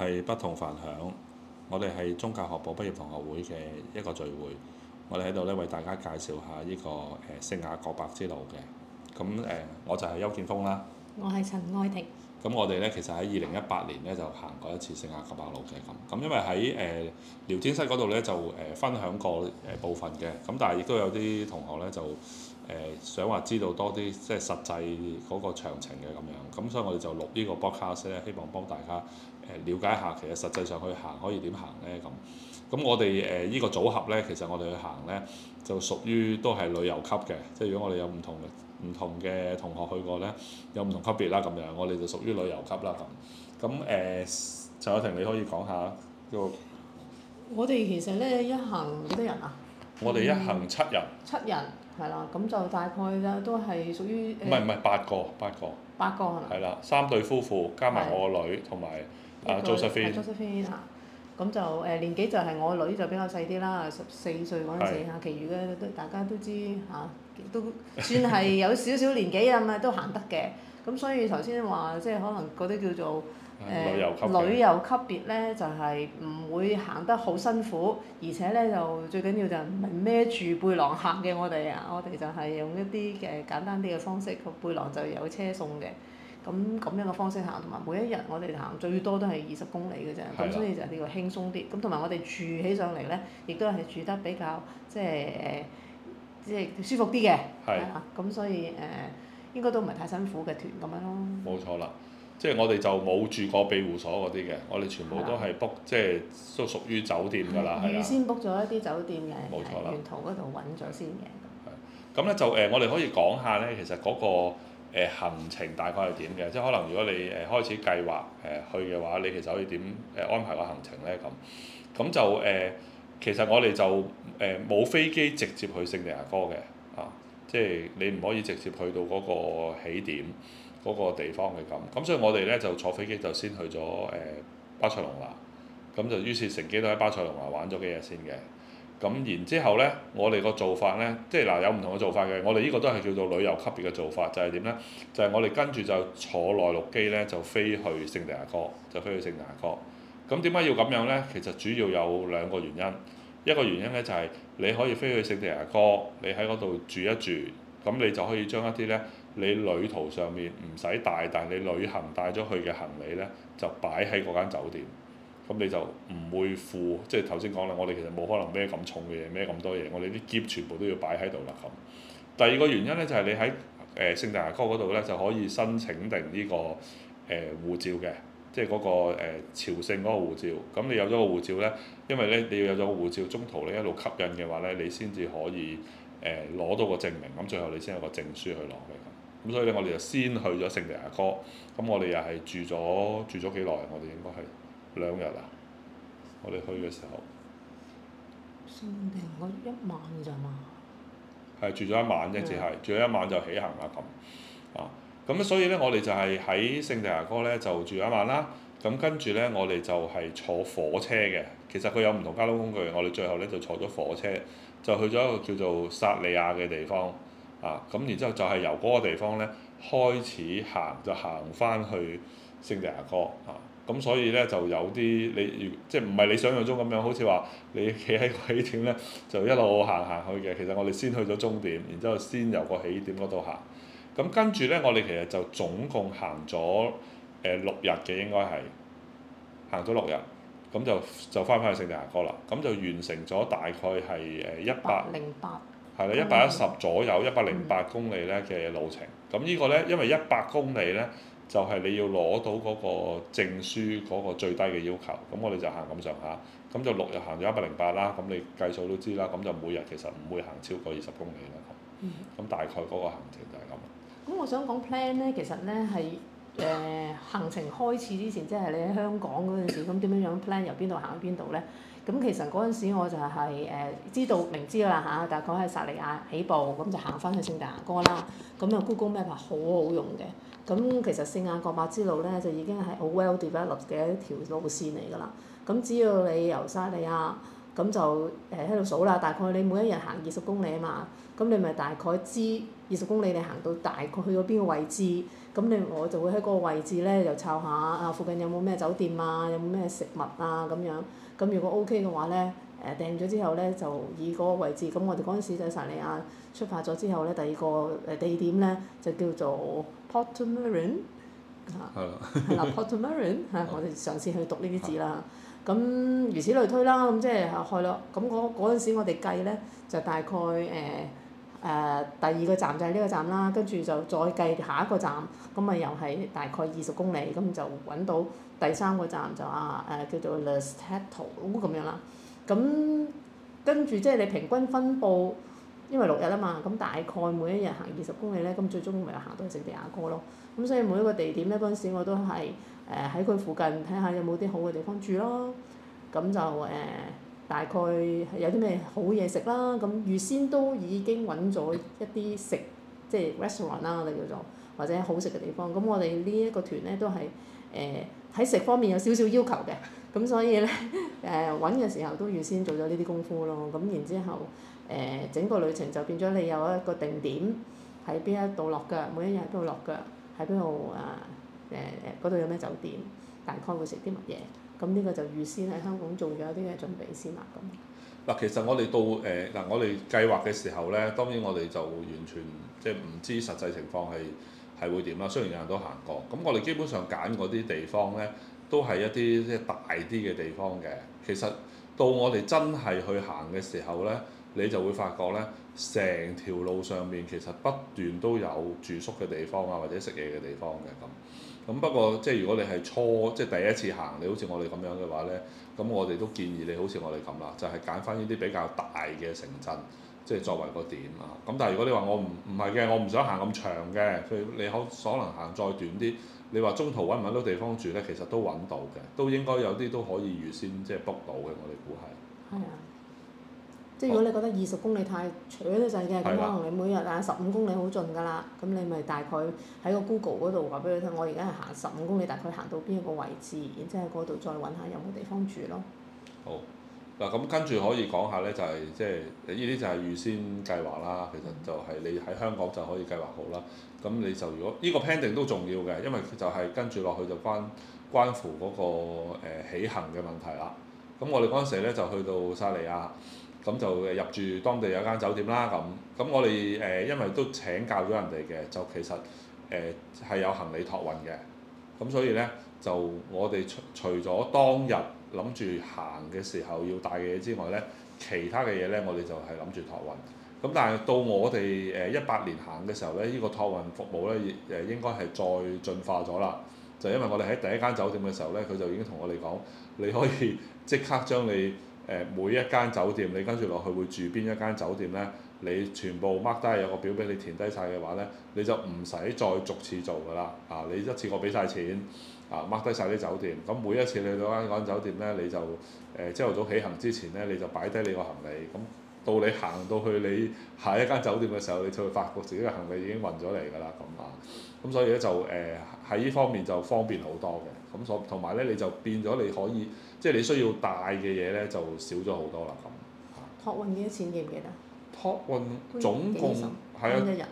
係不同凡響，我哋係宗教學部畢業同學會嘅一個聚會，我哋喺度咧為大家介紹下呢、這個誒聖雅各伯之路嘅，咁、嗯、誒、呃、我就係丘建峰啦，我係陳愛婷，咁我哋咧其實喺二零一八年咧就行過一次聖雅各伯路嘅，咁咁因為喺誒、呃、聊天室嗰度咧就誒分享過誒部分嘅，咁但係亦都有啲同學咧就誒、呃、想話知道多啲即係實際嗰個詳情嘅咁樣，咁所以我哋就錄呢個 podcast 咧，希望幫大家。誒了解下，其實實際上去行可以點行呢？咁咁我哋誒呢個組合呢，其實我哋去行呢，就屬於都係旅遊級嘅。即係如果我哋有唔同唔同嘅同學去過呢，有唔同級別啦咁樣，我哋、呃、就屬於旅遊級啦咁。咁誒，陳愛婷，你可以講下、這個？我哋其實呢，一行幾多人啊？我哋一行七人。嗯、七人係啦，咁就大概都係屬於唔係唔係，八個八個。八個係嘛？係啦，三對夫婦加埋我個女同埋。Ah, Joseph 啊 Josephina 咁就誒、呃、年紀就係我女就比較細啲啦，十四歲嗰陣時啊，是的 其餘嘅都大家都知嚇、啊，都算係有少少年紀啊嘛， 都行得嘅。咁所以頭先話即係可能嗰啲叫做誒、呃、旅遊遊級別咧，就係、是、唔會行得好辛苦，而且咧就最緊要就係唔係孭住背囊行嘅我哋啊，我哋就係用一啲嘅簡單啲嘅方式，個背囊就有車送嘅。咁咁樣嘅方式行，同埋每一日我哋行最多都係二十公里嘅啫，咁的所以就比較輕鬆啲。咁同埋我哋住起上嚟咧，亦都係住得比較即係誒，即係舒服啲嘅。係的。咁所以誒、呃，應該都唔係太辛苦嘅團咁樣咯。冇錯啦，即、就、係、是、我哋就冇住過庇護所嗰啲嘅，我哋全部都係 book，即係都屬於酒店㗎啦的。預先 book 咗一啲酒店嘅。冇錯啦。沿途嗰度揾咗先嘅。係。咁咧就誒，我哋可以講下咧，其實嗰、那個。行程大概係點嘅？即係可能如果你誒開始計劃誒去嘅話，你其實可以點誒安排個行程呢？咁咁就誒，其實我哋就誒冇飛機直接去聖地牙哥嘅、啊、即係你唔可以直接去到嗰個起點嗰、嗰個地方嘅咁。咁所以我哋呢就坐飛機就先去咗誒、呃、巴塞隆拿，咁就於是乘機都喺巴塞隆拿玩咗幾日先嘅。咁然之後呢，我哋個做法呢，即係嗱有唔同嘅做法嘅，我哋呢個都係叫做旅遊級別嘅做法，就係點呢？就係我哋跟住就坐內陸機呢，就飛去聖地牙哥，就飛去聖地牙哥。咁點解要咁樣呢？其實主要有兩個原因。一個原因呢，就係你可以飛去聖地牙哥，你喺嗰度住一住，咁你就可以將一啲呢，你旅途上面唔使帶，但係你旅行帶咗去嘅行李呢，就擺喺嗰間酒店。咁你就唔會付，即係頭先講啦，我哋其實冇可能孭咁重嘅嘢，孭咁多嘢，我哋啲喼全部都要擺喺度啦咁。第二個原因呢，就係、是、你喺誒聖地牙哥嗰度呢，就可以申請定呢個誒護照嘅，即係嗰個朝聖嗰個護照。咁你有咗個護照呢，因為呢，你要有咗個護照，中途你一路吸引嘅話呢，你先至可以誒攞到個證明，咁最後你先有個證書去攞嘅咁。所以呢，我哋就先去咗聖地牙哥，咁我哋又係住咗住咗幾耐，我哋應該係。兩日啊！我哋去嘅時候，聖地牙哥一晚咋嘛、啊？係住咗一晚啫，只係、嗯、住咗一晚就起行啦咁啊。咁所以咧，我哋就係喺聖地牙哥咧就住一晚啦。咁、嗯、跟住咧，我哋就係坐火車嘅。其實佢有唔同交通工具，我哋最後咧就坐咗火車，就去咗一個叫做薩利亞嘅地方啊。咁、嗯、然之後就係由嗰個地方咧開始行，就行翻去聖地牙哥啊。咁所以咧就有啲你，即係唔係你想象中咁樣，好似話你企喺個起點咧，就一路行行去嘅。其實我哋先去咗終點，然之後先由個起點嗰度行。咁跟住咧，我哋其實就總共行咗誒六日嘅，應該係行咗六日。咁就就翻返去聖地牙哥啦。咁就完成咗大概係誒一百零八係啦，一百一十左右，一百零八公里咧嘅路程。咁呢個咧，因為一百公里咧，就係你要攞到嗰個證書嗰、嗰個最低嘅要求，咁我哋就行咁上下，咁就六日行咗一百零八啦，咁你計數都知啦，咁就每日其實唔會行超過二十公里啦。咁大概嗰個行程就係咁。咁、嗯、我想講 plan 咧，其實咧係誒行程開始之前，即係你喺香港嗰陣時，咁點樣樣 plan 由邊度行到邊度咧？咁其實嗰陣時我就係、是、誒、呃、知道明知啦嚇，大概喺薩利亞起步，咁就行翻去聖地牙哥啦。咁啊 Google Map 好好用嘅。咁、嗯、其實聖雅各伯之路咧就已經係好 well develop 嘅一條路線嚟㗎啦。咁、嗯、只要你由沙利亞，咁、嗯、就誒喺度數啦。大概你每一日行二十公里啊嘛，咁、嗯、你咪大概知二十公里你行到大概去到邊個位置。咁、嗯、你我就會喺嗰個位置咧就抄下啊，附近有冇咩酒店啊，有冇咩食物啊咁樣。咁、嗯、如果 O K 嘅話咧。誒訂咗之後咧，就以嗰個位置，咁、嗯、我哋嗰陣時就喺薩利亞出發咗之後咧，第二個誒、呃、地點咧就叫做 p o r t o m a r i n 嚇，係啦 p o r t o m a r i n 嚇，我哋嘗試去讀呢啲字啦，咁、 啊、如此類推啦，咁、啊、即係開咯，咁嗰嗰時我哋計咧就大概誒誒、呃呃、第二個站就係呢個站啦，跟住就再計下一個站，咁咪又係大概二十公里，咁就揾到第三個站就啊誒、呃、叫做 l e s t e d o 咁樣啦。咁跟住即係你平均分佈，因為六日啊嘛，咁大概每一日行二十公里咧，咁最終咪行到去聖地亞哥咯。咁所以每一個地點咧，嗰陣時我都係誒喺佢附近睇下有冇啲好嘅地方住咯。咁就誒、呃、大概有啲咩好嘢食啦。咁預先都已經揾咗一啲食，即係 restaurant 啦，我哋叫做或者好食嘅地方。咁我哋呢一個團咧都係誒喺食方面有少少要求嘅。咁所以咧，誒揾嘅時候都預先做咗呢啲功夫咯。咁然之後，誒、呃、整個旅程就變咗你有一個定點喺邊一度落腳，每一日都落腳喺邊度啊？誒誒，嗰、呃、度有咩酒店？大概會食啲乜嘢？咁、嗯、呢、這個就預先喺香港做咗一啲嘅準備先啦。咁嗱，其實我哋到誒嗱、呃，我哋計劃嘅時候咧，當然我哋就完全即係唔知實際情況係係會點啦。雖然有人都行過，咁我哋基本上揀嗰啲地方咧。都係一啲即係大啲嘅地方嘅，其實到我哋真係去行嘅時候呢，你就會發覺呢，成條路上面其實不斷都有住宿嘅地方啊，或者食嘢嘅地方嘅咁。咁不過即係如果你係初即係第一次行，你好似我哋咁樣嘅話呢，咁我哋都建議你好似我哋咁啦，就係揀返呢啲比較大嘅城鎮，即係作為個點啊。咁但係如果你話我唔唔係嘅，我唔想行咁長嘅，譬如你可可能行再短啲。你話中途揾唔揾到地方住咧，其實都揾到嘅，都應該有啲都可以預先即係 book 到嘅。我哋估係。係啊。即係如果你覺得二十公里太長嘅陣嘅，咁好可能你每日啊十五公里好盡㗎啦。咁你咪大概喺個 Google 嗰度話俾佢聽，我而家係行十五公里，大概行到邊一個位置，然之後喺嗰度再揾下有冇地方住咯。好。嗱，咁跟住可以講下咧、就係，就係即係呢啲就係預先計劃啦。其實就係你喺香港就可以計劃好啦。咁你就如果呢、呢個 plan 定都重要嘅，因為就係跟住落去就關關乎嗰、嗰個、呃、起行嘅問題啦。咁我哋嗰陣時咧就去到薩利亞，咁就入住當地有間酒店啦。咁咁我哋誒、呃、因為都請教咗人哋嘅，就其實誒係、呃、有行李託運嘅。咁所以咧就我哋除除咗當日。諗住行嘅時候要帶嘅嘢之外呢，其他嘅嘢呢，我哋就係諗住託運。咁但係到我哋誒一八年行嘅時候呢，呢個託運服務呢誒應該係再進化咗啦。就因為我哋喺第一間酒店嘅時候呢，佢就已經同我哋講，你可以即刻將你每一間酒店，你跟住落去會住邊一間酒店呢，你全部 mark 低有個表俾你填低晒嘅話呢，你就唔使再逐次做㗎啦。啊，你一次過俾晒錢。啊，mark 低晒啲酒店，咁每一次你去到一間酒店咧，你就誒朝頭早起行之前咧，你就擺低你個行李，咁到你行到去你下一間酒店嘅時候，你就會發覺自己嘅行李已經運咗嚟㗎啦。咁啊，咁所以咧就誒喺呢方面就方便好多嘅。咁所同埋咧你就變咗你可以即係你需要帶嘅嘢咧就少咗好多啦。咁託運幾多錢記唔記得？託運總共係啊，一日？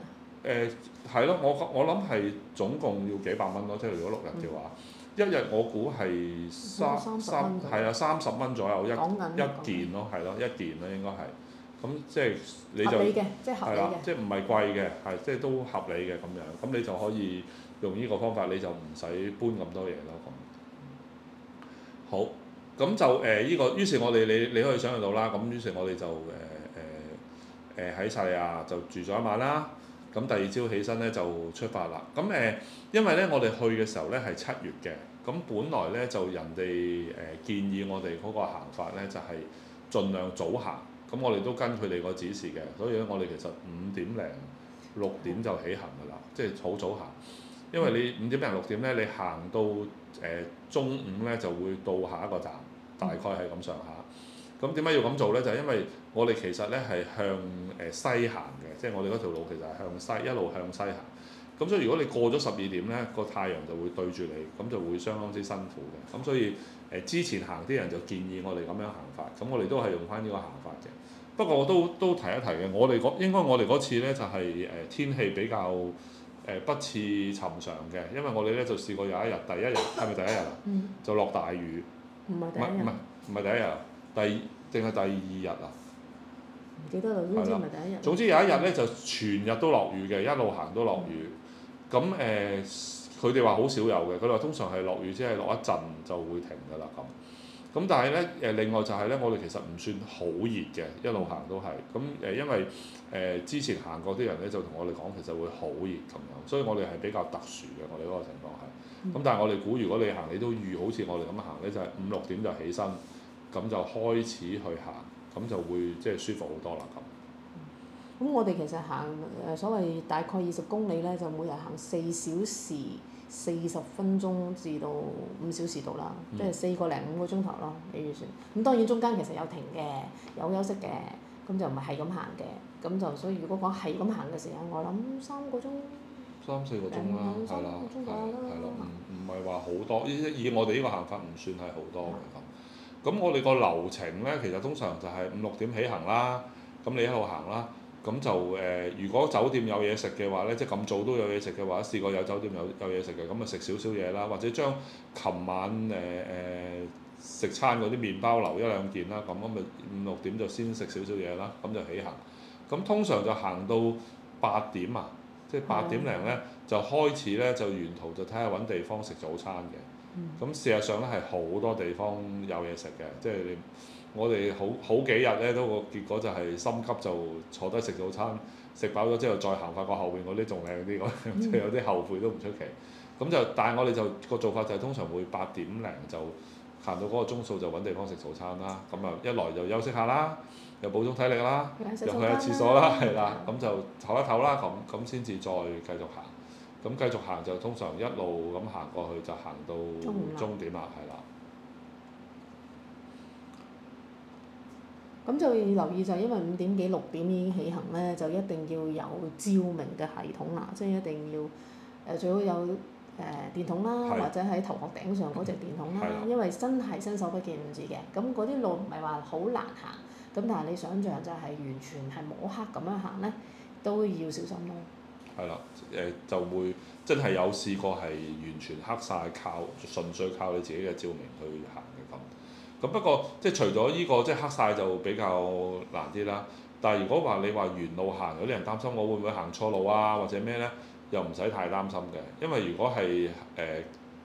誒係咯，我我諗係總共要幾百蚊咯，即係如果六日嘅話。嗯一日我估係三三係啊，三十蚊左右一了一件咯，係咯了一件咯應該係。咁即係你就係啦，即係唔係貴嘅，係即係都合理嘅咁樣。咁你就可以用呢個方法，你就唔使搬咁多嘢咯。咁。嗯、好，咁就誒呢、呃呢個，於是我，我哋你你，你可以想象到啦。咁於是我，我哋就誒誒誒喺撒利亞就住咗一晚啦。咁第二朝起身咧就出發啦。咁誒、呃，因為咧我哋去嘅時候咧係七月嘅，咁本來咧就人哋誒、呃、建議我哋嗰個行法咧就係、是、盡量早行。咁我哋都跟佢哋個指示嘅，所以咧我哋其實五點零六點就起行㗎啦，即係好早行。因為你五點零六點咧，你行到誒、呃、中午咧就會到下一個站，大概係咁上下。咁點解要咁做咧？就係、因為我哋其實咧係向誒、呃、西行。即係我哋嗰條路其實係向西，一路向西行。咁所以如果你過咗十二點咧，個太陽就會對住你，咁就會相當之辛苦嘅。咁所以誒、呃、之前行啲人就建議我哋咁樣行法，咁我哋都係用翻呢個行法嘅。不過我都都提一提嘅，我哋嗰應該我哋嗰次咧就係、是、誒天氣比較誒不似尋常嘅，因為我哋咧就試過有一日，第一日係咪第一日啊？ 就落大雨。唔係第一日。唔係唔係第一日，第定係第二日啊？唔記得啦，係，唔係第一日。總之有一日咧，就全日都落雨嘅，一路行都落雨。咁誒、嗯，佢哋話好少有嘅，佢哋話通常係落雨，即係落一陣就會停㗎啦咁。咁但係咧誒，另外就係咧，我哋其實唔算好熱嘅，一路行都係。咁誒、呃，因為誒、呃、之前行過啲人咧，就同我哋講其實會好熱咁樣，所以我哋係比較特殊嘅。我哋嗰個情況係。咁、嗯、但係我哋估，如果你行，你都預好似我哋咁行咧，就係五六點就起身，咁就開始去行。咁就會即係舒服好多啦咁。咁、嗯、我哋其實行誒所謂大概二十公里咧，就每日行四小時、四十分鐘至到五小時度啦，嗯、即係四個零五個鐘頭咯，你預算。咁當然中間其實有停嘅，有休息嘅，咁就唔係係咁行嘅，咁就所以如果講係咁行嘅時間，我諗三個鐘。三四個鐘啦，係啦了，係啦。唔唔係話好多，以我哋呢個行法唔算係好多嘅咁。嗯咁我哋個流程咧，其實通常就係五六點起行啦。咁你一路行啦，咁就誒、呃，如果酒店有嘢食嘅話咧，即係咁早都有嘢食嘅話，試過有酒店有有嘢食嘅，咁咪食少少嘢啦，或者將琴晚誒誒、呃、食餐嗰啲麵包留一兩件啦。咁咁咪五六點就先食少少嘢啦，咁就起行。咁通常就行到八點啊，即係八點零咧，就開始咧，就沿途就睇下搵地方食早餐嘅。咁、嗯、事實上咧係好多地方有嘢食嘅，即係你我哋好好幾日咧都個結果就係心急就坐低食早餐，食飽咗之後再行，發覺後邊嗰啲仲靚啲，咁即係有啲後悔都唔出奇。咁、嗯、就但係我哋就個做法就係通常會八點零就行到嗰個鐘數就搵地方食早餐啦。咁啊一來就休息下啦，又補充體力啦，又、啊、去下廁所啦，係啦，咁就唞一唞啦，咁咁先至再繼續行。咁繼續行就通常一路咁行過去就行到終點啦，係啦。咁就要留意就係因為五點幾六點已經起行咧，就一定要有照明嘅系統啦，即係一定要誒最好有誒、呃、電筒啦，的或者喺頭殼頂上嗰隻電筒啦，的因為真係伸手不見五指嘅。咁嗰啲路唔係話好難行，咁但係你想象就係完全係摸黑咁樣行咧，都要小心咯。係啦，誒 就會真係有試過係完全黑晒，靠純粹靠你自己嘅照明去行嘅咁。咁不過即係除咗呢、這個即係黑晒就比較難啲啦。但係如果話你話沿路行，有啲人擔心我會唔會行錯路啊，或者咩咧？又唔使太擔心嘅，因為如果係誒、呃、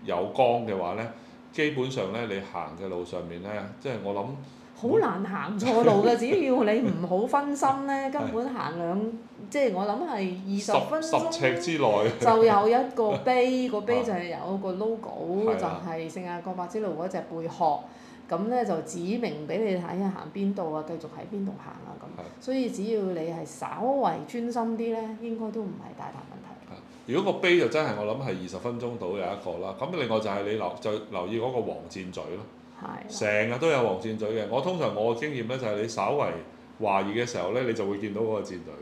有光嘅話咧，基本上咧你行嘅路上面咧，即係我諗好難行錯路嘅， 只要你唔好分心咧，根本行兩。 即係我諗係二十分鐘就有一個碑， 啊、個碑就係有個 logo、啊、就係聖雅各伯之路嗰隻貝殼。咁咧就指明俾你睇下行邊度啊，繼續喺邊度行啊咁。的所以只要你係稍為專心啲咧，應該都唔係大，大問題。係，如果個碑就真係我諗係二十分鐘到有一個啦。咁另外就係你留就留意嗰個黃箭嘴咯，成日的都有黃箭嘴嘅。我通常我嘅經驗咧就係你稍為懷疑嘅時候咧，你就會見到嗰個箭嘴。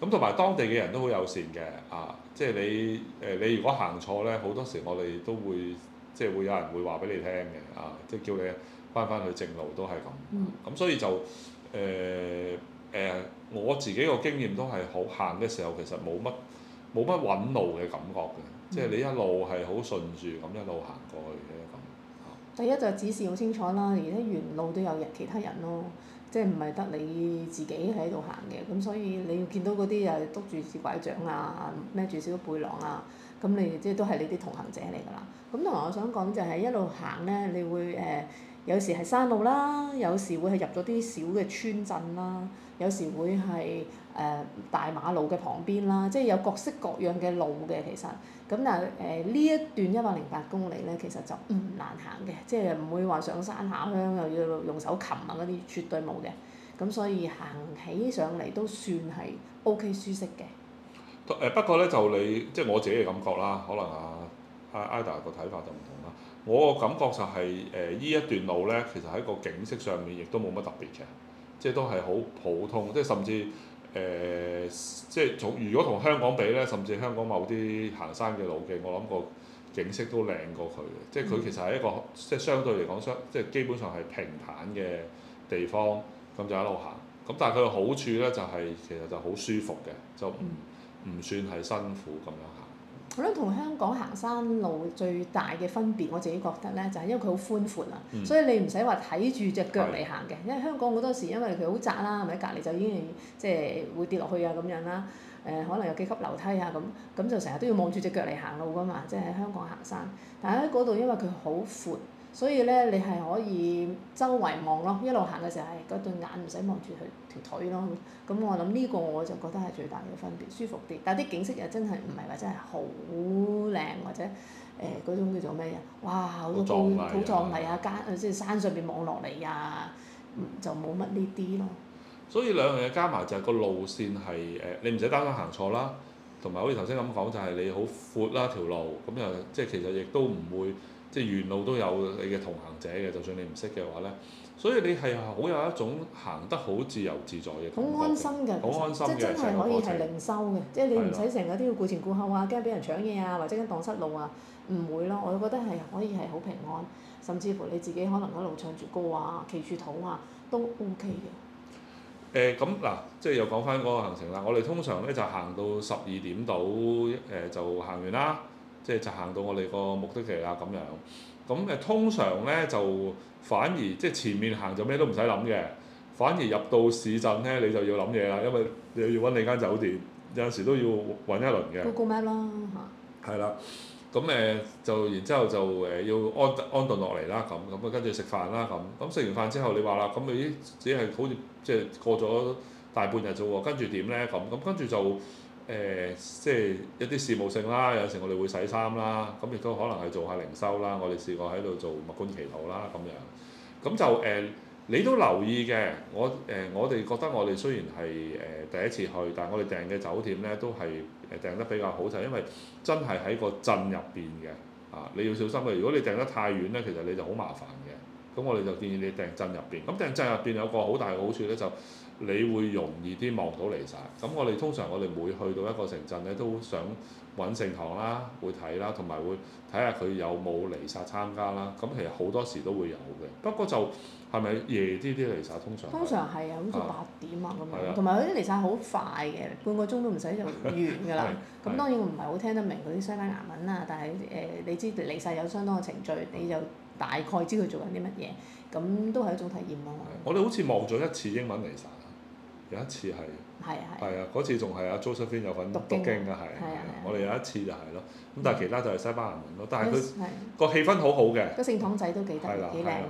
咁同埋當地嘅人都好友善嘅，啊，即係你誒你如果行錯咧，好多時我哋都會即係會有人會話俾你聽嘅，啊，即係叫你翻返去正路都係咁。咁、嗯啊、所以就誒誒、呃呃，我自己個經驗都係好行嘅時候，其實冇乜冇乜揾路嘅感覺嘅，嗯、即係你一路係好順住咁一路行過去嘅咁。就是啊、第一就指示好清楚啦，而且沿路都有其他人咯，即係唔係得你自己喺度行嘅，咁所以你要見到嗰啲誒督住支拐杖啊，孭住、啊啊、小背囊啊，咁你即係都係你啲同行者嚟㗎啦。咁同埋我想講就係一路行咧，你會誒、呃、有時係山路啦，有時會係入咗啲小嘅村鎮啦，有時會係誒、呃、大馬路嘅旁邊啦，即係有各式各樣嘅路嘅其實。咁但係誒呢一段一百零八公里咧，其實就唔難行嘅，即係唔會話上山下鄉又要用手擒啊嗰啲，絕對冇嘅。咁、嗯、所以行起上嚟都算係 OK 舒適嘅。誒 不過咧，就你即係、就是、我自己嘅感覺啦，可能啊 Ada 個睇法就唔同啦。我個感覺就係誒呢一段路咧，其實喺個景色上面亦都冇乜特別嘅，即係都係好普通，即係甚至。誒、呃、即係從，如果同香港比咧，甚至香港某啲行山嘅路徑，我諗個景色都靚過佢嘅。即係佢其實係一個、嗯、即係相對嚟講相即係基本上係平坦嘅地方，咁就一路行。咁但係佢嘅好處咧、就係，就係其實就好舒服嘅，就唔唔、嗯、算係辛苦咁樣行。我覺得同香港行山路最大嘅分別，我自己覺得咧，就係、是、因為佢好寬闊啊，嗯、所以你唔使話睇住隻腳嚟行嘅。的因為香港好多時因為佢好窄啦，係咪？隔籬就已經即係會跌落去啊咁樣啦。誒、呃，可能有幾級樓梯啊咁，咁就成日都要望住隻腳嚟行路㗎嘛。即、就、係、是、喺香港行山，但喺嗰度因為佢好闊，所以咧，你係可以周圍望咯，一路行嘅時候，誒嗰對眼唔使望住佢條腿咯。咁我諗呢個我就覺得係最大嘅分別，舒服啲。但係啲景色又真係唔係話真係好靚或者誒嗰、欸、種叫做咩嘢？哇好壯好壯麗啊，間即係山上邊望落嚟啊，就冇乜呢啲咯。所以兩樣嘢加埋就係個路線係誒，你唔使單單行錯啦。同埋好似頭先咁講，就係你好闊啦條路，咁又即係其實亦都唔會。即係沿路都有你嘅同行者嘅，就算你唔識嘅話咧，所以你係好有一種行得好自由自在嘅感覺，好安心嘅，好實安心嘅，真係可以係靈修嘅，係即係你唔使成日都要顧前顧後啊，驚俾人搶嘢啊，或者驚蕩失路啊，唔會咯。我覺得係可以係好平安，甚至乎你自己可能一路上唱住歌啊、企住肚啊，都 O K 嘅。誒咁嗱，即係又講翻嗰個行程啦。我哋通常咧就行到十二點度誒、呃、就行完啦。即係就行到我哋個目的地啦咁樣，咁誒通常咧就反而即係、就是、前面行就咩都唔使諗嘅，反而入到市鎮咧你就要諗嘢啦，因為你要揾你間酒店，有陣時都要揾一輪嘅。Google map 啦嚇。係啦，咁誒就然之後就誒要安安頓落嚟啦，咁咁啊跟住食飯啦咁，咁食完飯之後你話啦，咁你只係好似即係過咗大半日啫喎，跟住點咧？咁咁跟住就。誒、呃、即係一啲事務性啦，有時我哋會洗衫啦，咁亦都可能係做下零修啦。我哋試過喺度做默觀祈禱啦咁樣，咁就誒、呃、你都留意嘅。我誒、呃、我哋覺得我哋雖然係誒、呃、第一次去，但係我哋訂嘅酒店咧都係誒訂得比較好，就係因為真係喺個鎮入邊嘅啊，你要小心嘅。如果你訂得太遠咧，其實你就好麻煩嘅。咁我哋就建議你訂鎮入邊。咁訂鎮入邊有個好大嘅好處咧就。你會容易啲望到彌撒，咁我哋通常我哋每去到一個城鎮咧，都想揾聖堂啦，會睇啦，同埋會睇下佢有冇彌撒參加啦。咁其實好多時都會有嘅，不過就係咪夜啲啲彌撒？通常通常係啊，好似八點啊咁樣，同埋嗰啲彌撒好快嘅，半個鐘都唔使就完㗎啦。咁 的當然唔係好聽得明佢啲西班牙文啊，但係誒你知彌撒有相當嘅程序，你就大概知佢做緊啲乜嘢，咁的都係一種體驗咯、啊。我哋好似望咗一次英文彌撒。有一次係係是啊，嗰次仲係阿 Josephian 有份讀經是啊係、啊是啊啊，我哋有一次就係咯，咁但係其他就係西班牙文咯，但係佢是、啊、個氣氛好好嘅，個聖堂仔都幾得幾靚嘅。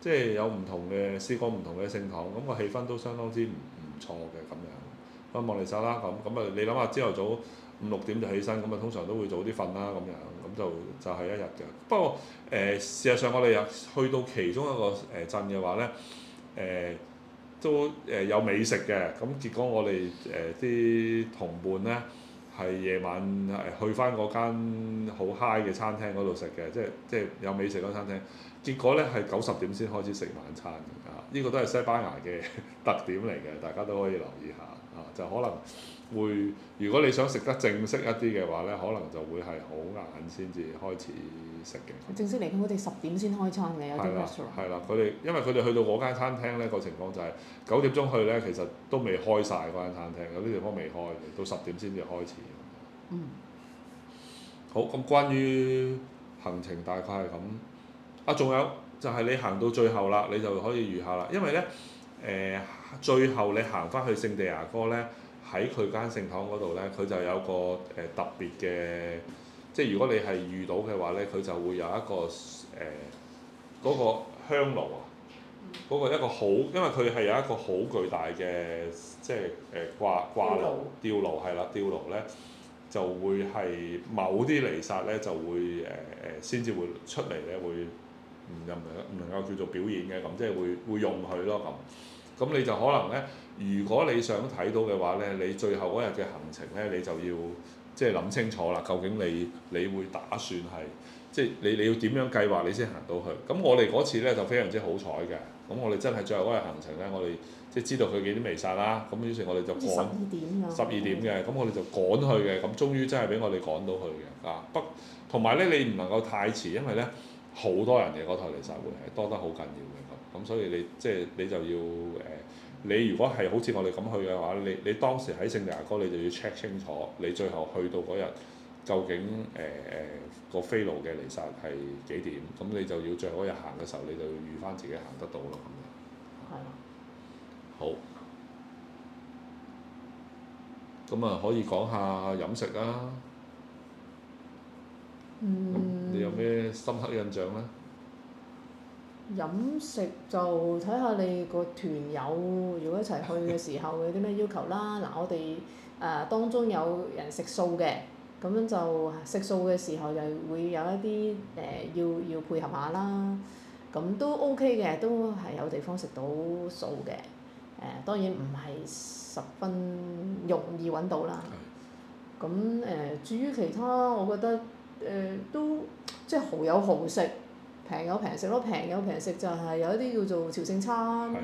即係有唔同嘅試過唔同嘅聖堂，咁、嗯嗯、個氣氛都相當之唔唔錯嘅咁樣。咁望彌撒啦，咁咁啊你諗下，朝頭早五六點就起身，咁啊通常都會早啲瞓啦咁樣，咁就就係一日嘅。不過誒、欸，事實上我哋又去到其中一個誒鎮嘅話咧，誒。都誒有美食嘅，咁結果我哋誒啲同伴呢，係夜晚去翻嗰間好嗨嘅餐廳嗰度食嘅，即係即係有美食嗰餐廳。結果呢，係九十點先開始食晚餐啊，呢個都係西班牙嘅特點嚟嘅，大家都可以留意下啊。就可能會如果你想食得正式一啲嘅話呢，可能就會係好晏先至開始。正式嚟講，佢哋十點先開餐嘅，的有啲 restaurant 係啦，佢哋因為佢哋去到嗰間餐廳呢個情況就係、是、九點鐘去呢，其實都未開晒。嗰間餐廳，有啲地方未開，到十點先至開始。嗯、好，咁關於行程大概係咁。啊，仲有就係、是、你行到最後啦，你就可以預下啦，因為呢，誒、呃，最後你行翻去聖地牙哥呢，喺佢間聖堂嗰度呢，佢就有個誒特別嘅。即係如果你係遇到嘅話咧，佢就會有一個誒嗰、呃那個香爐啊，嗰、那個一個好，因為佢係有一個好巨大嘅，即係誒、呃、掛掛爐、吊爐係啦，吊爐咧就會係某啲彌撒咧就會誒誒先至會出嚟咧，會唔入唔能夠叫做表演嘅咁，即係會會用佢咯咁。咁你就可能咧，如果你想睇到嘅話咧，你最後嗰日嘅行程咧，你就要。即係諗清楚啦，究竟你你會打算係即係你你要點樣計劃，你先行到去。咁我哋嗰次咧就非常之好彩嘅。咁我哋真係最後嗰日行程咧，我哋即係知道佢幾點彌撒啦。咁於是，我哋就趕十二點嘅，咁的我哋就趕去嘅。咁終於真係俾我哋趕到去嘅啊！不，同埋咧你唔能夠太遲，因為咧好多人嘅嗰台彌撒會係多得好緊要嘅咁。咁所以你即係你就要誒。呃你如果係好似我哋咁去嘅話，你你當時喺聖地牙哥，你就要 check 清楚，你最後去到嗰日究竟誒誒個飛路嘅離殺係幾點？咁你就要最後嗰日行嘅時候，你就要預翻自己行得到咯咁樣。係。的好。咁啊，可以講下飲食啦。嗯。你有咩深刻印象呢？飲食就睇下你個團友如果一齊去嘅時候有啲咩要求啦。嗱、 嗯，我哋誒、呃、當中有人食素嘅，咁、嗯、樣就食素嘅時候就會有一啲誒、呃、要要配合下啦。咁、嗯、都 OK 嘅，都係有地方食到素嘅。誒、呃、當然唔係十分容易揾到啦。咁誒、嗯嗯呃，至於其他，我覺得誒、呃、都即係好有好食。平有平食咯，平有平食就係有一啲叫做朝聖餐，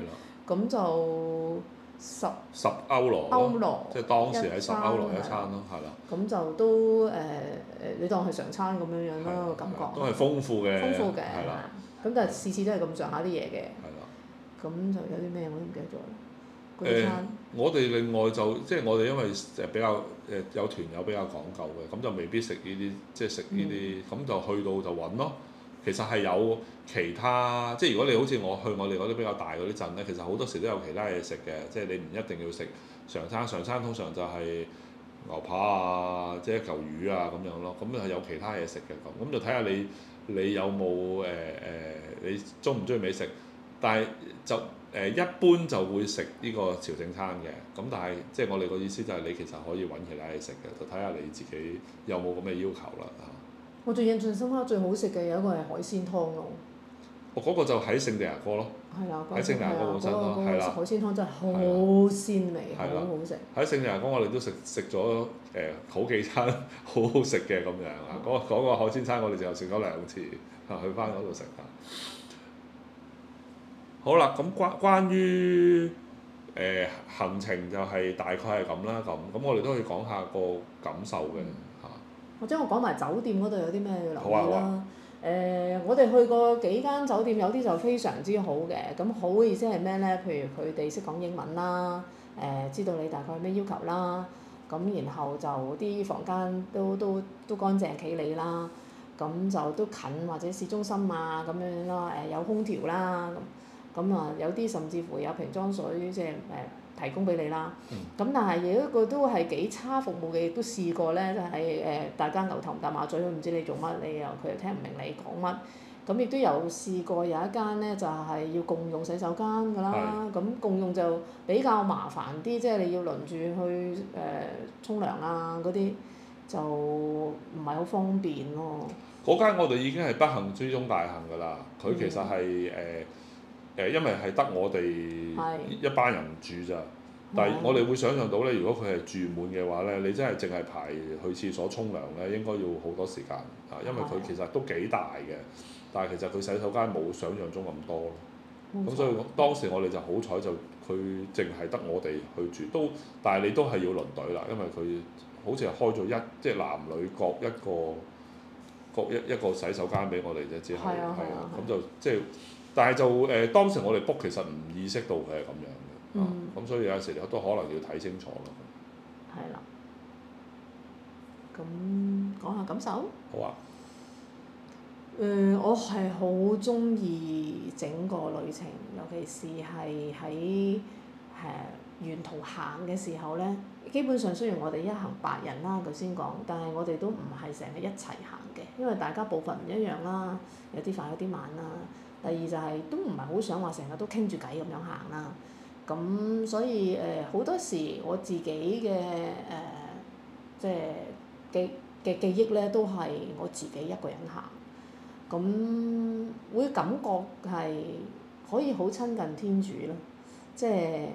咁就十十歐羅，歐羅即係當時喺十歐羅一餐咯，係啦。咁就都誒誒，你當係常餐咁樣樣咯，感覺。都係豐富嘅，豐富嘅，係啦。咁但係次次都係咁上下啲嘢嘅。係啦。咁就有啲咩我都唔記得咗啦。誒，我哋另外就即係我哋因為誒比較誒有團友比較講究嘅，咁就未必食呢啲，即係食呢啲，咁就去到就揾咯。其實係有其他，即係如果你好似我去我哋嗰啲比較大嗰啲鎮咧，其實好多時都有其他嘢食嘅，即係你唔一定要食常餐，常餐通常就係牛扒啊，即係一嚿魚啊咁樣咯，咁係有其他嘢食嘅咁，咁就睇下你你有冇誒誒，你中唔中意美食？但係就誒、呃、一般就會食呢個朝正餐嘅，咁但係即係我哋個意思就係你其實可以揾其他嘢食嘅，就睇下你自己有冇咁嘅要求啦。我最印象深刻最好食嘅有一個係海鮮湯咯。我嗰、哦嗰個就喺聖地牙哥咯。係啦的，喺聖地牙哥嗰陣咯。嗰個嗰個、海鮮湯真係好鮮味，的好好食。喺聖地牙哥我哋都食食咗誒好幾餐， 好好食嘅咁樣。嗰、嗰、嗰、個嗰個海鮮餐我哋就食咗兩次，去翻嗰度食。好啦，咁關關於誒、欸、行程就係大概係咁啦，咁咁我哋都可以講下個感受嘅。嗯將我講埋酒店嗰度有啲咩要留意啦。誒、啊呃，我哋去過幾間酒店，有啲就非常之好嘅。咁好嘅意思係咩咧？譬如佢哋識講英文啦，誒、呃，知道你大概咩要求啦。咁然後就啲房間都都都乾淨企理啦。咁就都近或者市中心啊咁樣樣啦。誒、呃、有空調啦。咁咁啊，有啲甚至乎有瓶裝水，即係誒。呃提供俾你啦，咁、嗯、但係有一個都係幾差服務嘅，亦都試過咧，就係、是、誒大家牛頭唔夾馬嘴，都唔知你做乜，你又佢又聽唔明你講乜，咁亦都有試過有一間咧就係要共用洗手間噶啦，咁是共用就比較麻煩啲，即、就、係、是、你要輪住去誒沖涼啊嗰啲，就唔係好方便咯。嗰間我哋已經係不幸之中大幸噶啦，佢其實係誒。嗯呃誒，因為係得我哋一班人住咋，的但係我哋會想像到咧，如果佢係住滿嘅話咧，你真係淨係排去廁所沖涼咧，應該要好多時間嚇，因為佢其實都幾大嘅，的但係其實佢洗手間冇想像中咁多咯。咁的所以當時我哋就好彩就佢淨係得我哋去住都，但係你都係要輪隊啦，因為佢好似係開咗一即係、就是、男女各一個各一一個洗手間俾我哋啫，只係咁就即係。就是但係就誒，當時我哋 book 其實唔意識到佢係咁樣嘅，咁、嗯啊、所以有陣時都可能要睇清楚咯。係啦，咁講下感受。好啊。誒、嗯，我係好鍾意整個旅程，尤其是係喺誒沿途行嘅時候咧。基本上雖然我哋一行八人啦，頭先講，但係我哋都唔係成日一齊行嘅，因為大家步伐唔一樣啦，有啲快有啲慢啦。第二就係都唔係好想話成日都傾住偈咁樣行啦，咁所以誒好多時我自己嘅誒即係嘅嘅記憶咧，都係我自己一個人行，咁會感覺係可以好親近天主咯，即係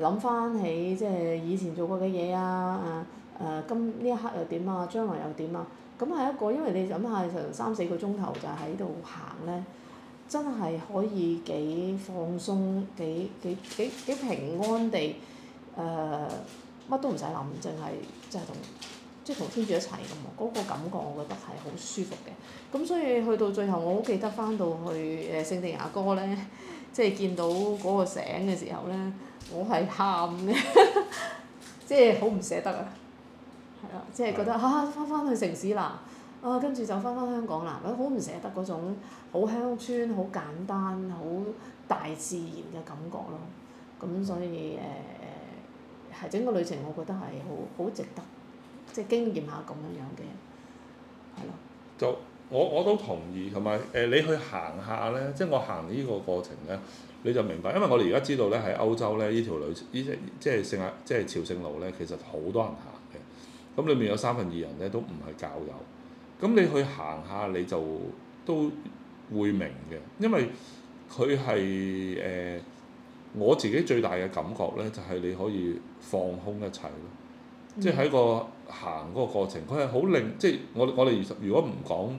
諗翻起即係以前做過嘅嘢啊啊啊，今呢一刻又點啊？將來又點啊？咁係一個因為你諗下成三四個鐘頭就喺度行咧。真係可以幾放鬆，幾幾幾幾平安地誒，乜、呃、都唔使諗，淨係淨係同即係同天主一齊咁啊！嗰、那個感覺我覺得係好舒服嘅。咁所以去到最後，我好記得翻到去誒、呃、聖地亞哥咧，即係見到嗰個城嘅時候咧，我係喊嘅， 即係好唔捨得啊！係啊，即係覺得嚇，翻翻去城市啦～啊！跟住就返返香港啦，都好唔捨得嗰種好鄉村、好簡單、好大自然嘅感覺咯。咁所以誒係、呃、整個旅程，我覺得係好好值得，即係經驗下咁樣樣嘅係咯。就，我我都同意，同埋誒你去行下咧，即係我行呢個過程咧，你就明白，因為我哋而家知道咧，喺歐洲咧，呢條旅即即呢即係即係即係朝聖路咧，其實好多人行嘅。咁裏面有三分二人咧都唔係教友。咁你去行下你就都會明嘅，因為佢係誒我自己最大嘅感覺咧，就係、是、你可以放空一切咯，即係喺個行嗰個過程，佢係好令，即係我我哋如果唔講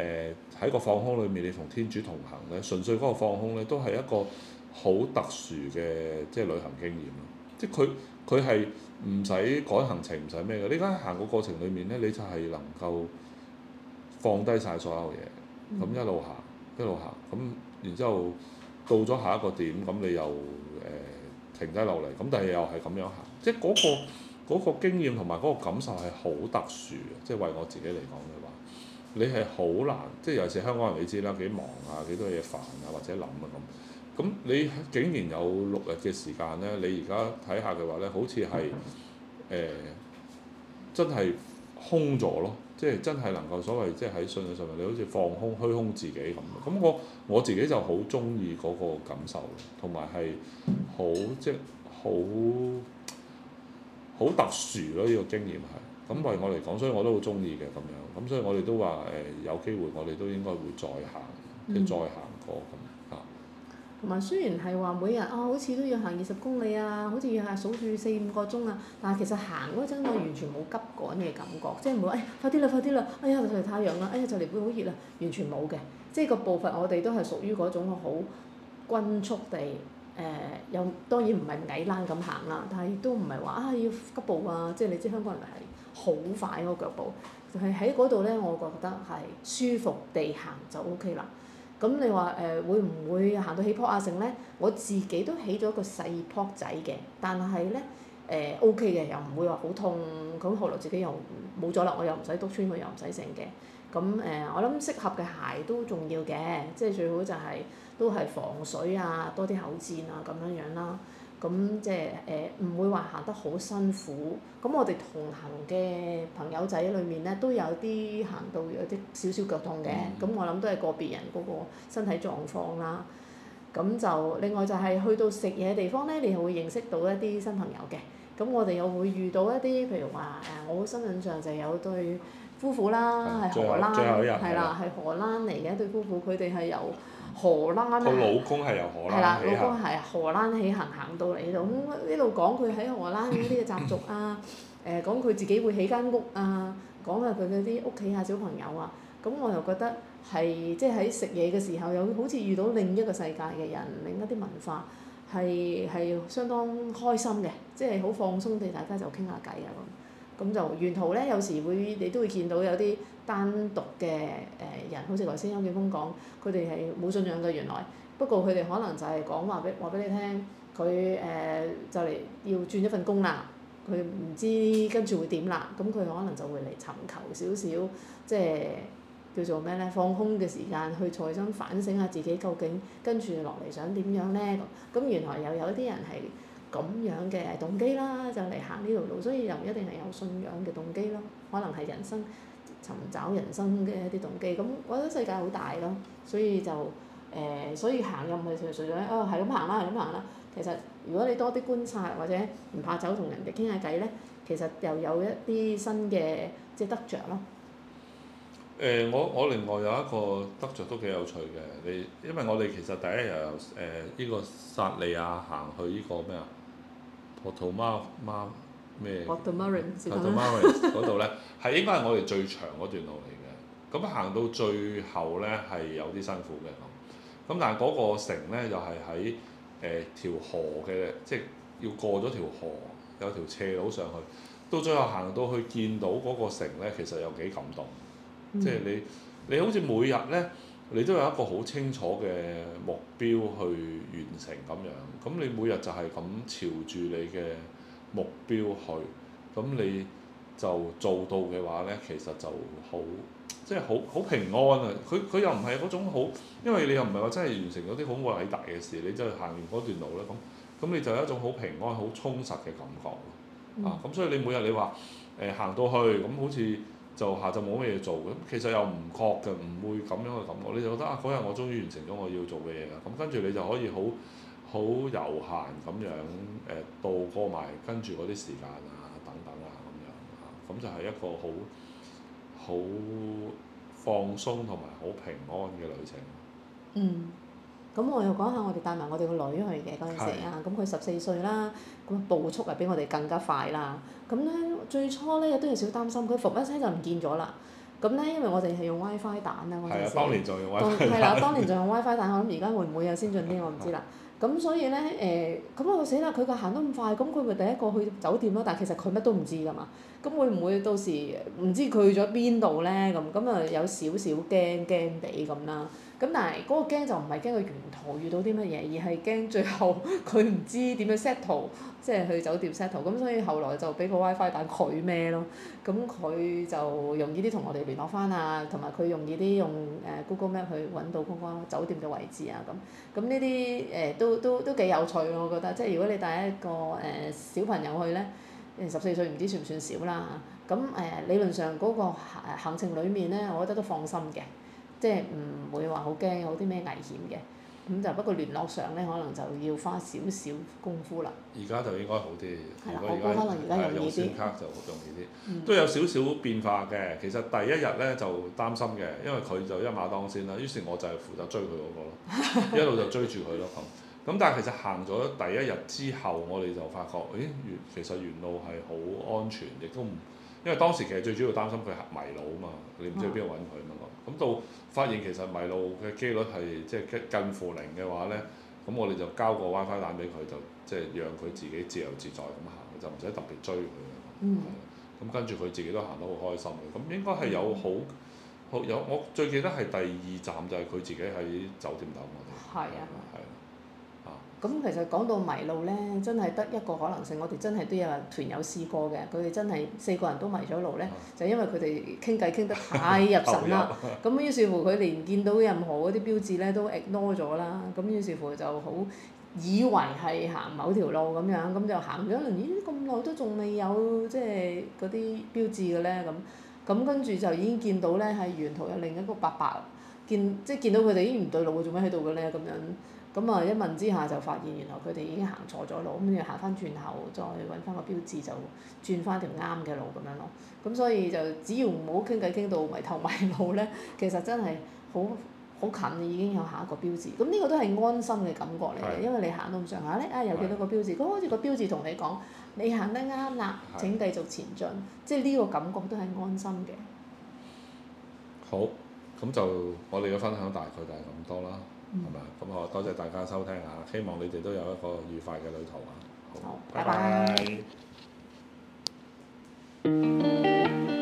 誒喺個放空裏面，你同天主同行咧，純粹嗰個放空咧，都係一個好特殊嘅即係旅行經驗咯，即係佢佢係唔使改行程，唔使咩嘅，你而家行個過程裏面咧，你就係能夠。放低晒所有嘢，咁一路行，一路行，咁然之後到咗下一個點，咁你又誒、呃、停低落嚟，咁但係又係咁樣行，即係、嗰、嗰個嗰、嗰個經驗同埋嗰個感受係好特殊嘅，即係為我自己嚟講嘅話，你係好難，即係尤其是香港人你知啦，幾忙啊，幾多嘢煩啊，啊，或者諗啊咁，咁你竟然有六日嘅時間咧，你而家睇下嘅話咧，好似係誒真係空咗咯。即係真係能夠所謂即係喺信仰上面，你好似放空、虛空自己咁。咁我我自己就好中意嗰個感受，同埋係好即係好好特殊咯。呢、這個經驗係咁，為我嚟講，所以我都好中意嘅咁樣。咁所以我哋都話誒、呃，有機會我哋都應該會再行，即係再行過咁。嗯同埋雖然係話每日啊、哦，好似都要行二十公里啊，好似要係數住四五個鐘啊，但係其實行嗰陣我完全冇急趕嘅感覺，即係唔會誒快啲啦，快啲啦，哎呀就嚟太陽啦，哎呀就嚟會好熱啦，完全冇嘅。即係個步伐我哋都係屬於嗰種好均速地誒，又、呃、當然唔係矮懶咁行啦，但係亦都唔係話啊要急步啊，即係你知香港人係好快嗰個腳步，就係喺嗰度咧，我覺得係舒服地行就 OK 啦。咁你話誒、呃、會唔會行到起泡啊成咧？我自己都起咗個細泡仔嘅，但係咧誒 O K 嘅，又唔會話好痛。咁後來自己又冇咗啦，我又唔使篤穿佢，又唔使成嘅。咁誒，我諗、呃、適合嘅鞋都重要嘅，即係最好就係、是、都係防水啊，多啲口墊啊咁樣樣啦。咁即係誒唔會話行得好辛苦，咁我哋同行嘅朋友仔裏面咧都有啲行到有啲少少腳痛嘅，咁、嗯、我諗都係個別人嗰個身體狀況啦。咁就另外就係去到食嘢地方咧，你係會認識到一啲新朋友嘅。咁我哋又會遇到一啲譬如話誒，我好深印象就有對夫婦啦，係荷蘭，係啦，係荷蘭嚟嘅一對夫婦，佢哋係由。荷蘭老公係由荷蘭起行。係啦，老公係荷蘭起行行到嚟呢度，咁一路講佢喺荷蘭嗰啲嘅習俗啊，誒講佢自己會起間屋啊，講下佢嗰啲屋企下小朋友啊，咁我又覺得係即係喺食嘢嘅時候，又好似遇到另一個世界嘅人，另一啲文化，係係相當開心嘅，即係好放鬆地大家就傾下偈啊咁。咁就沿途咧，有時會你都會見到有啲單獨嘅誒人，好似頭先丘建峰講，佢哋係冇信仰嘅原來。不過佢哋可能就係講話俾話俾你聽，佢誒、呃、就嚟要轉一份工啦。佢唔知跟住會點啦，咁佢可能就會嚟尋求少少，即係叫做咩咧？放空嘅時間去坐心反省下自己究竟跟住落嚟想點樣咧？咁原來又有一啲人係，咁樣嘅動機啦，就嚟行呢條路，所以又唔一定係有信仰嘅動機咯，可能係人生尋找人生嘅一啲動機，咁我覺得世界好大咯，所以就誒，所以行又唔係隨隨隨哦，係咁行啦，係咁行啦。其實如果你多啲觀察或者唔怕走同人哋傾下偈咧，其實又有一啲新嘅即係得著咯。誒，我我另外有一個得著都幾有趣嘅，你因為我哋其實第一日由誒呢個薩利亞行去呢個咩啊？托馬馬咩？Portomarín，Portomarín 嗰度咧係應該係我哋最長嗰段路嚟嘅。咁行到最後咧係有啲辛苦嘅咁。咁但係嗰個城咧又係喺誒條河嘅，即係要過咗條河，有條斜路上去。到最後行到去見到嗰個城咧，其實有幾感動。即係、嗯、你你好似每日咧。你都有一個好清楚嘅目標去完成咁樣，咁你每日就係咁朝住你嘅目標去，咁你就做到嘅話呢，其實就好，即係好好平安啊！佢佢又唔係嗰種好，因為你又唔係話真係完成咗啲好偉大嘅事，你真係行完嗰段路咧，咁咁你就有一種好平安、好充實嘅感覺、嗯、啊！咁所以你每日你話誒、呃、行到去，咁好似～就下晝冇乜嘢做咁，其實又唔確嘅，唔會咁樣嘅感覺。你就覺得啊，嗰日我終於完成咗我要做嘅嘢啦。咁、嗯、跟住你就可以好好悠閒咁樣誒度過埋跟住嗰啲時間啊，等等啊，咁樣啊，咁就係一個好好放鬆同埋好平安嘅旅程。嗯。咁我又講下我我，我哋帶埋我哋個女去嘅嗰陣時啊，咁佢十四歲啦，咁步速係比我哋更加快啦。咁咧最初咧都有少少擔心，佢伏一聲就唔見咗啦。咁咧因為我哋係用 WiFi 蛋啊，我哋係啦，當年仲用 WiFi 當蛋，我諗而家會唔會有先進啲，我唔知啦。咁的所以咧誒，咁、呃、我死啦，佢個行得咁快，咁佢咪第一個去酒店咯？但係其實佢乜都唔知噶嘛。咁會唔會到時唔知佢去咗邊度咧？咁咁啊有少少驚驚地咁啦。咁但係嗰個驚就唔係驚佢沿途遇到啲乜嘢，而係驚最後佢唔知點樣 settle，即係去酒店 settle，咁所以後來就俾個 WiFi 蛋佢咩咯。咁佢就容易啲同我哋聯絡翻啊，同埋佢容易啲用誒 Google Map 去揾到嗰個酒店嘅位置啊咁。咁呢啲誒都都都幾有趣咯，我覺得。即係如果你帶一個誒、呃、小朋友去咧，十四歲唔知算唔算少啦。咁誒、呃、理論上嗰、那個行程裡面咧，我覺得都放心嘅。即係唔會話好驚有啲咩危險嘅，咁就不過聯絡上咧可能就要花少少功夫啦。而家就應該好啲，可能而家有信用卡就容易啲，嗯、都有少少變化嘅。其實第一日咧就擔心嘅，因為佢就一馬當先啦，於是我就係負責追佢嗰、嗰個咯， 一路就追住佢咯。咁，咁但係其實行咗第一日之後，我哋就發覺，咦，其實沿路係好安全，亦都唔～因為當時其實最主要擔心佢迷路啊嘛，你唔知去邊度揾佢啊嘛。咁、嗯、到發現其實迷路嘅機率係即係近乎零嘅話呢，咁我哋就交個 WiFi 蛋俾佢，就即係讓佢自己自由自在咁行，就唔使特別追佢。嗯。咁跟住佢自己都行得好開心嘅，咁應該係有好好有我最記得係第二站就係佢自己喺酒店等我哋。係啊。咁其實講到迷路咧，真係得一個可能性。我哋真係都有團友試過嘅，佢哋真係四個人都迷咗路咧，就因為佢哋傾偈傾得太入神啦。咁於是乎佢連見到任何嗰啲標誌咧都 ignore 咗啦。咁於是乎就好以為係行某條路咁樣，咁就行咗輪咦咁耐都仲未有即係嗰啲標誌嘅咧咁。咁跟住就已經見到咧係沿途有另一個伯伯，見即係見到佢哋已經唔對路喎，做咩喺度嘅咧咁樣？咁啊！一問之下就發現，原來佢哋已經行錯咗路，咁你行翻轉頭，再揾翻個標誌，就轉翻條啱嘅路咁樣咯。咁所以就只要唔好傾偈傾到迷頭迷路咧，其實真係好好近，已經有下一個標誌。咁呢個都係安心嘅感覺嚟嘅，是因為你行到咁上下咧，啊，啊有幾多個標誌，佢是好似個標誌同你講，你行得啱啦，是請繼續前進，即係呢個感覺都係安心嘅。好，咁就我哋嘅分享大概就係咁多啦。咁我、嗯、多謝大家收聽下，希望你哋都有一個愉快嘅旅途啊！好，好 bye bye 拜拜。